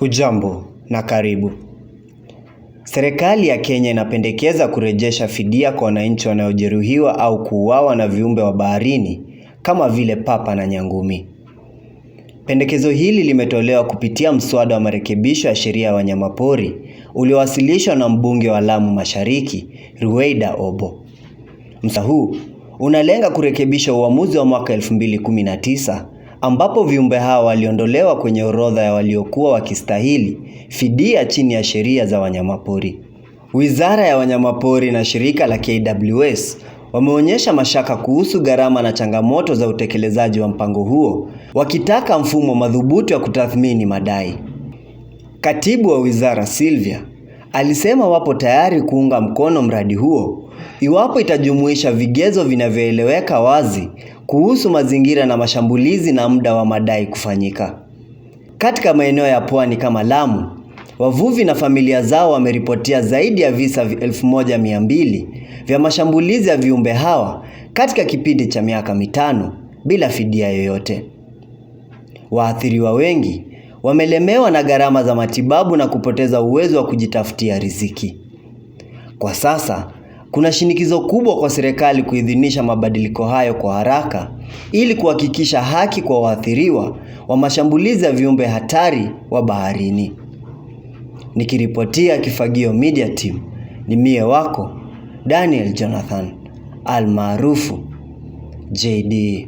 Hujambo na karibu. Serikali ya Kenya inapendekeza kurejesha fidia kwa wananchi wanaojeruhiwa au kuuawa na viumbe wa baharini kama vile papa na nyangumi. Pendekezo hili limetolewa kupitia mswada wa marekebisho ya sheria ya wanyamapori uliowasilishwa na mbunge wa Lamu Mashariki, Ruweida Obo. Mswada huu unalenga kurekebisha uamuzi wa mwaka 2019 ambapo viumbe hawa waliondolewa kwenye orodha ya waliokuwa wakistahili fidia chini ya sheria za wanyamapori. Wizara ya wanyamapori na shirika la KWS wameonyesha mashaka kuhusu gharama na changamoto za utekelezaji wa mpango huo, wakitaka mfumo madhubuti wa kutathmini madai. Katibu wa Wizara Sylvia alisema wapo tayari kuunga mkono mradi huo iwapo itajumuisha vigezo vinavyoeleweka wazi kuhusu mazingira na mashambulizi na muda wa madai kufanyika. Katika maeneo ya pwani kama Lamu, wavuvi na familia zao wameripotia zaidi ya visa 1200 vya mashambulizi ya viumbe hawa katika kipindi cha miaka mitano bila fidia yoyote. Waathiriwa wengi wamelemewa na gharama za matibabu na kupoteza uwezo wa kujitafutia riziki. Kwa sasa kuna shinikizo kubwa kwa serikali kuidhinisha mabadiliko hayo kwa haraka ili kuhakikisha haki kwa waathiriwa wa mashambulizi ya viumbe hatari wa baharini. Nikiripotia Kifagio Media Team, ni mie wako Daniel Jonathan almaarufu JD.